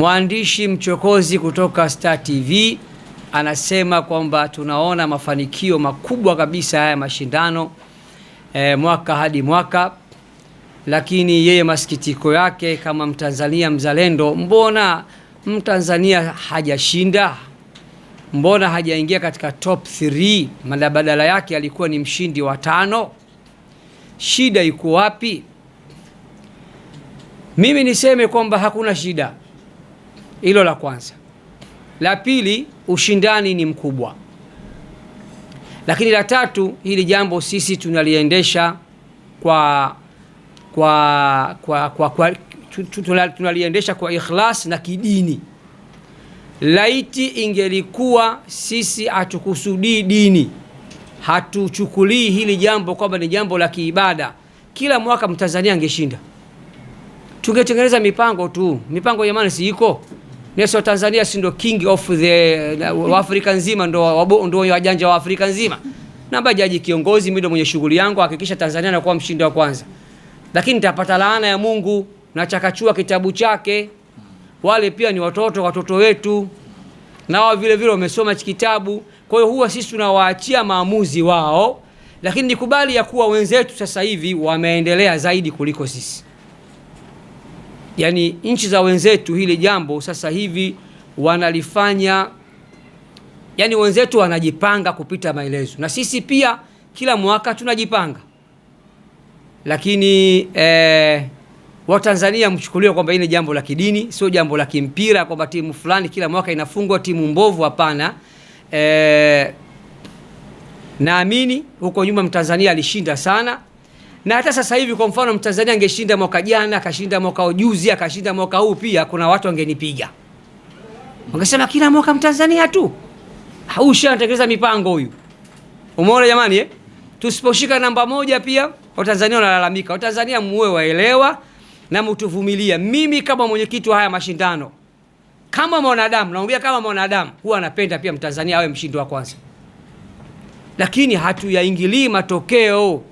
Mwandishi mchokozi kutoka Star TV anasema kwamba tunaona mafanikio makubwa kabisa haya mashindano e, mwaka hadi mwaka, lakini yeye masikitiko yake kama Mtanzania mzalendo, mbona Mtanzania hajashinda? Mbona hajaingia katika top 3? Badala yake alikuwa ni mshindi wa tano. Shida iko wapi? Mimi niseme kwamba hakuna shida. Hilo la kwanza. La pili, ushindani ni mkubwa. Lakini la tatu, hili jambo sisi tunaliendesha kwa, kwa, kwa, kwa, kwa tunaliendesha kwa ikhlas na kidini. Laiti ingelikuwa sisi hatukusudii dini, hatuchukulii hili jambo kwamba ni jambo la kiibada, kila mwaka Mtanzania angeshinda. Tungetengeneza mipango tu, mipango jamani, si iko Nesi wa Tanzania si ndo king of the Afrika nzima, ndo wajanja wa Afrika nzima. Namba jaji kiongozi, mimi ndo mwenye shughuli yangu, hakikisha Tanzania inakuwa mshindi wa kwanza, lakini nitapata laana ya Mungu na chakachua kitabu chake. Wale pia ni watoto, watoto wetu na wao vile vile wamesoma kitabu. Kwa hiyo huwa sisi tunawaachia maamuzi wao, lakini nikubali ya kuwa wenzetu sasa hivi wameendelea zaidi kuliko sisi yani nchi za wenzetu hili jambo sasa hivi wanalifanya, yani wenzetu wanajipanga kupita maelezo, na sisi pia kila mwaka tunajipanga, lakini eh, Watanzania mchukuliwe kwamba hili jambo la kidini, sio jambo la kimpira kwamba timu fulani kila mwaka inafungwa timu mbovu. Hapana. Eh, naamini huko nyuma Mtanzania alishinda sana na hata sasa hivi, kwa mfano Mtanzania angeshinda mwaka jana, akashinda mwaka ujuzi akashinda mwaka huu pia, kuna watu wangenipiga, wangesema kila mwaka Mtanzania tu haushi anatekeleza mipango huyu. Umeona jamani eh? Tusiposhika namba moja pia Watanzania wanalalamika. Watanzania muwe waelewa na mtuvumilia. Mimi kama mwenyekiti wa haya mashindano, kama mwanadamu, naambia kama mwanadamu, huwa anapenda pia Mtanzania awe mshindi wa kwanza, lakini hatuyaingilii matokeo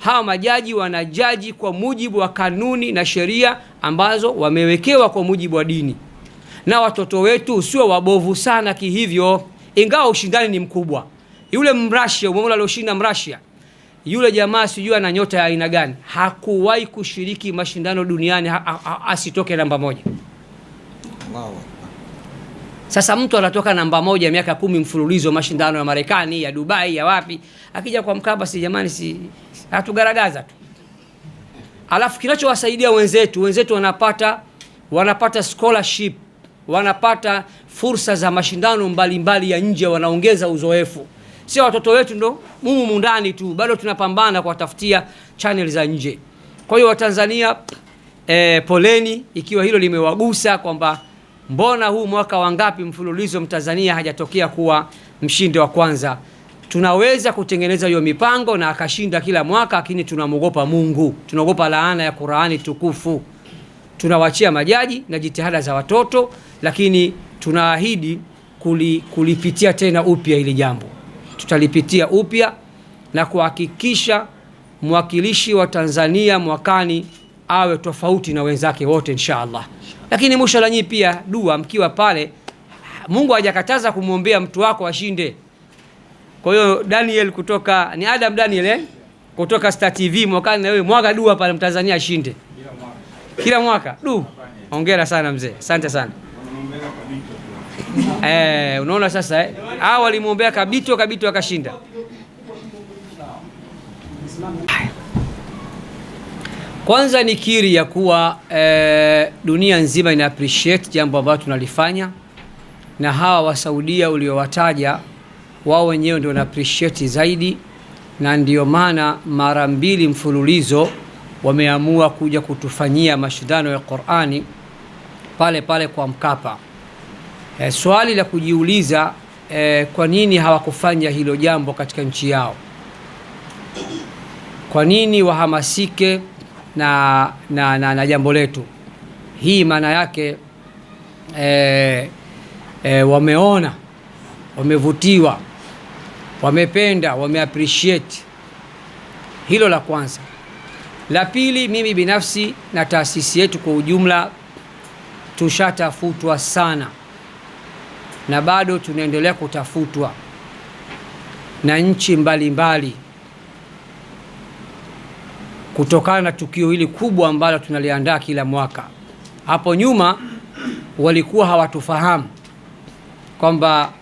hawa majaji wanajaji kwa mujibu wa kanuni na sheria ambazo wamewekewa kwa mujibu wa dini, na watoto wetu usio wabovu sana kihivyo, ingawa ushindani ni mkubwa. Yule Mrasia, umeona alioshinda Mrasia yule jamaa, sijui ana nyota ya aina gani, hakuwahi kushiriki mashindano duniani, asitoke namba moja. Wow. Sasa mtu anatoka namba moja miaka kumi mfululizo mashindano ya Marekani, ya Dubai, ya wapi, akija kwa Mkapa si jamani, si hatugaragaza tu. Alafu kinachowasaidia wenzetu, wenzetu wanapata wanapata scholarship, wanapata fursa za mashindano mbalimbali mbali ya nje, wanaongeza uzoefu. Sio watoto wetu ndo mumu mundani tu, bado tunapambana kuwatafutia channel za nje. Kwa hiyo Watanzania eh, poleni ikiwa hilo limewagusa kwamba Mbona huu mwaka wa ngapi mfululizo Mtanzania hajatokea kuwa mshindi wa kwanza? Tunaweza kutengeneza hiyo mipango na akashinda kila mwaka, lakini tunamwogopa Mungu, tunaogopa laana ya Qur'ani tukufu. Tunawachia majaji na jitihada za watoto, lakini tunaahidi kuli, kulipitia tena upya hili jambo. Tutalipitia upya na kuhakikisha mwakilishi wa Tanzania mwakani awe tofauti na wenzake wote insha Allah. Lakini mwisho la nyinyi pia dua mkiwa pale, Mungu hajakataza kumwombea mtu wako ashinde. Kwa hiyo Daniel kutoka ni Adam Daniel eh? kutoka Star TV mwakani, na wewe mwaga dua pale Mtanzania ashinde kila mwaka du. Hongera sana mzee, asante sana eh, unaona sasa eh? Awali muombea Kabito, Kabito akashinda. Kwanza ni kiri ya kuwa e, dunia nzima ina appreciate jambo ambalo tunalifanya na hawa wasaudia uliowataja wao wenyewe ndio na appreciate zaidi, na ndio maana mara mbili mfululizo wameamua kuja kutufanyia mashindano ya Qur'ani pale pale kwa Mkapa. E, swali la kujiuliza e, kwa nini hawakufanya hilo jambo katika nchi yao? Kwa nini wahamasike na, na, na, na jambo letu. Hii maana yake e, e, wameona, wamevutiwa, wamependa, wameappreciate. Hilo la kwanza. La pili, mimi binafsi na taasisi yetu kwa ujumla tushatafutwa sana na bado tunaendelea kutafutwa na nchi mbalimbali mbali kutokana na tukio hili kubwa ambalo tunaliandaa kila mwaka. Hapo nyuma walikuwa hawatufahamu kwamba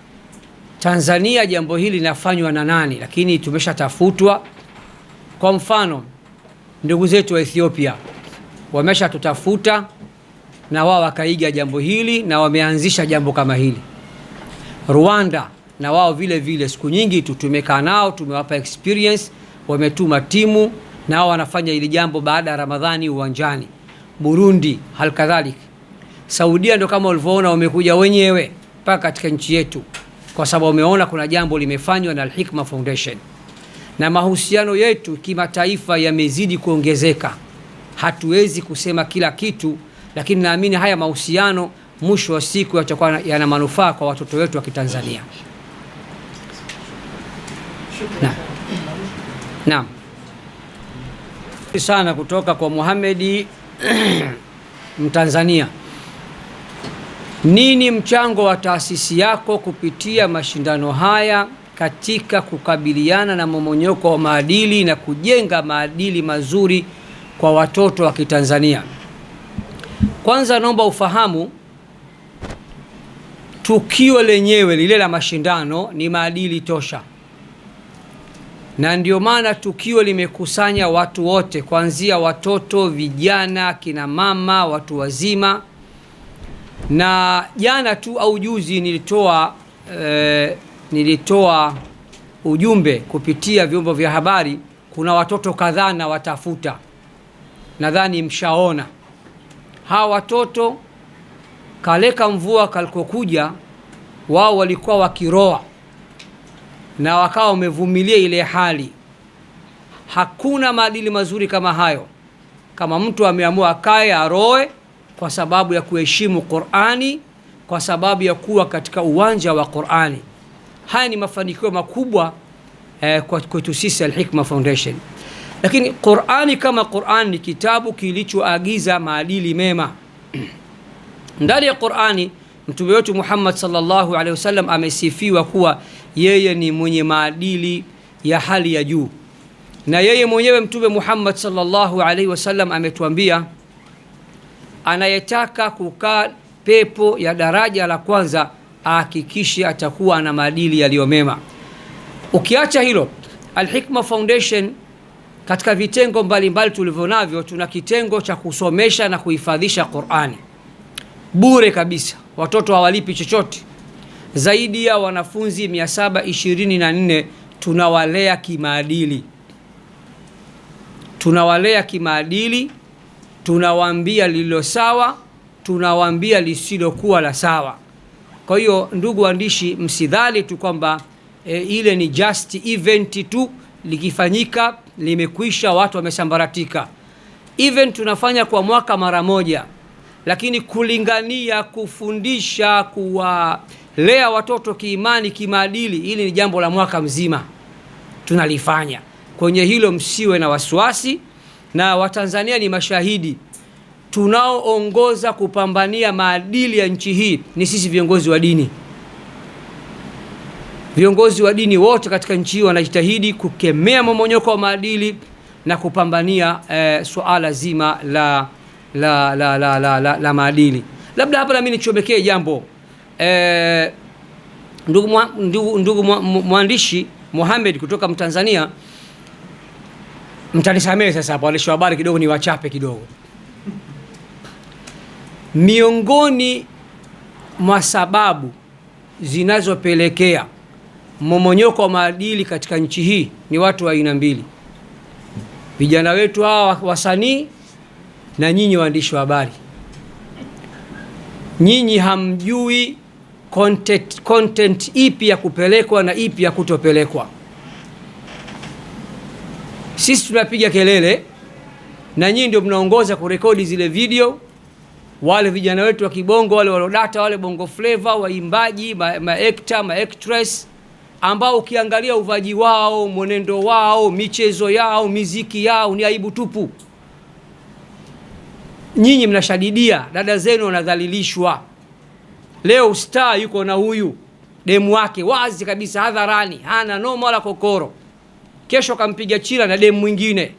Tanzania jambo hili linafanywa na nani, lakini tumeshatafutwa. Kwa mfano, ndugu zetu wa Ethiopia wameshatutafuta na wao wakaiga jambo hili na wameanzisha jambo kama hili. Rwanda na wao vile vile, siku nyingi tu tumekaa nao, tumewapa experience, wametuma timu nao wanafanya hili jambo baada ya Ramadhani uwanjani. Burundi halikadhalika. Saudia ndio kama ulivyoona wamekuja wenyewe mpaka katika nchi yetu, kwa sababu wameona kuna jambo limefanywa na Al-Hikma Foundation, na mahusiano yetu kimataifa yamezidi kuongezeka. Hatuwezi kusema kila kitu, lakini naamini haya mahusiano mwisho wa siku yatakuwa yana manufaa kwa watoto wetu wa Kitanzania. Naam sana kutoka kwa Muhamedi Mtanzania. Nini mchango wa taasisi yako kupitia mashindano haya katika kukabiliana na momonyoko wa maadili na kujenga maadili mazuri kwa watoto wa Kitanzania? Kwanza naomba ufahamu tukio lenyewe lile la mashindano ni maadili tosha na ndio maana tukio limekusanya watu wote, kuanzia watoto, vijana, kina mama, watu wazima. Na jana tu au juzi nilitoa e, nilitoa ujumbe kupitia vyombo vya habari. Kuna watoto kadhaa na watafuta, nadhani mshaona hawa watoto. Kaleka mvua kalikokuja, wao walikuwa wakiroa na wakawa wamevumilia ile hali. Hakuna maadili mazuri kama hayo, kama mtu ameamua akae aroe kwa sababu ya kuheshimu Qur'ani, kwa sababu ya kuwa katika uwanja wa Qur'ani. Haya ni mafanikio makubwa eh, kwetu sisi Al-Hikma Foundation. Lakini Qur'ani kama Qur'ani ni kitabu kilichoagiza maadili mema. Ndani ya Qur'ani mtume wetu Muhammad sallallahu alaihi wasallam amesifiwa kuwa yeye ni mwenye maadili ya hali ya juu, na yeye mwenyewe Mtume Muhammad sallallahu alaihi wasallam ametuambia, anayetaka kukaa pepo ya daraja la kwanza ahakikishe atakuwa na maadili yaliyomema. Ukiacha hilo, alhikma Foundation katika vitengo mbalimbali tulivyo navyo, tuna kitengo cha kusomesha na kuhifadhisha Qur'ani bure kabisa, watoto hawalipi chochote zaidi ya wanafunzi 724 tunawalea kimaadili, tunawalea kimaadili, tunawaambia lililo sawa, tunawaambia lisilokuwa la sawa. Kwa hiyo ndugu waandishi, msidhani tu kwamba e, ile ni just event tu, likifanyika limekwisha, watu wamesambaratika. Event tunafanya kwa mwaka mara moja, lakini kulingania, kufundisha, kuwa lea watoto kiimani, kimaadili, ili ni jambo la mwaka mzima tunalifanya. Kwenye hilo msiwe na wasiwasi, na Watanzania ni mashahidi, tunaoongoza kupambania maadili ya nchi hii ni sisi viongozi wa dini. Viongozi wa dini wote katika nchi hii wanajitahidi kukemea momonyoko wa maadili na kupambania eh, suala zima la, la, la, la, la, la, la maadili. Labda hapa nami nichomekee jambo Eh, ndugu, mwa, ndugu, ndugu mwa, mwandishi Mohamed kutoka Mtanzania, mtanisamehe sasa hapo, waandishi wa habari kidogo ni wachape kidogo. Miongoni mwa sababu zinazopelekea momonyoko wa maadili katika nchi hii ni watu wa aina mbili, vijana wetu hawa wasanii na nyinyi waandishi wa habari. Nyinyi hamjui content, content ipi ya kupelekwa na ipi ya kutopelekwa. Sisi tunapiga kelele na nyinyi ndio mnaongoza kurekodi zile video, wale vijana wetu wa kibongo wale walodata wale bongo flavor, waimbaji ma, ma actress ambao ukiangalia uvaji wao mwenendo wao michezo yao miziki yao ni aibu tupu. Nyinyi mnashadidia, dada zenu wanadhalilishwa. Leo staa yuko na huyu demu wake wazi kabisa hadharani, hana noma wala kokoro. Kesho kampiga chila na demu mwingine,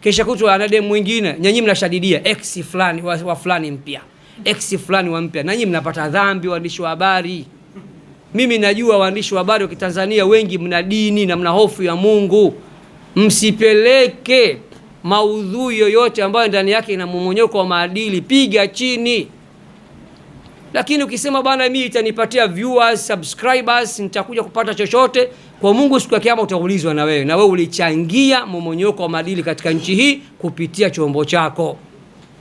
kesha kutwa ana demu mwingine. Nyinyi mnashadidia ex fulani wa, wa fulani mpya, ex fulani wa mpya, nyinyi mnapata dhambi, waandishi wa habari. Mimi najua waandishi wa habari wa Kitanzania wengi mna dini na mna hofu ya Mungu, msipeleke maudhui yoyote ambayo ndani yake ina mmonyoko wa maadili, piga chini. Lakini ukisema bana, mimi itanipatia viewers, subscribers, nitakuja kupata chochote kwa Mungu, siku ya kiyama utaulizwa na wewe, na wewe ulichangia momonyoko wa maadili katika nchi hii kupitia chombo chako.